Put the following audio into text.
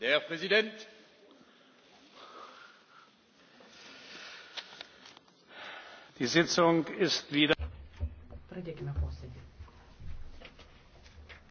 der präsident! die sitzung ist wieder. pradėkime posėdį.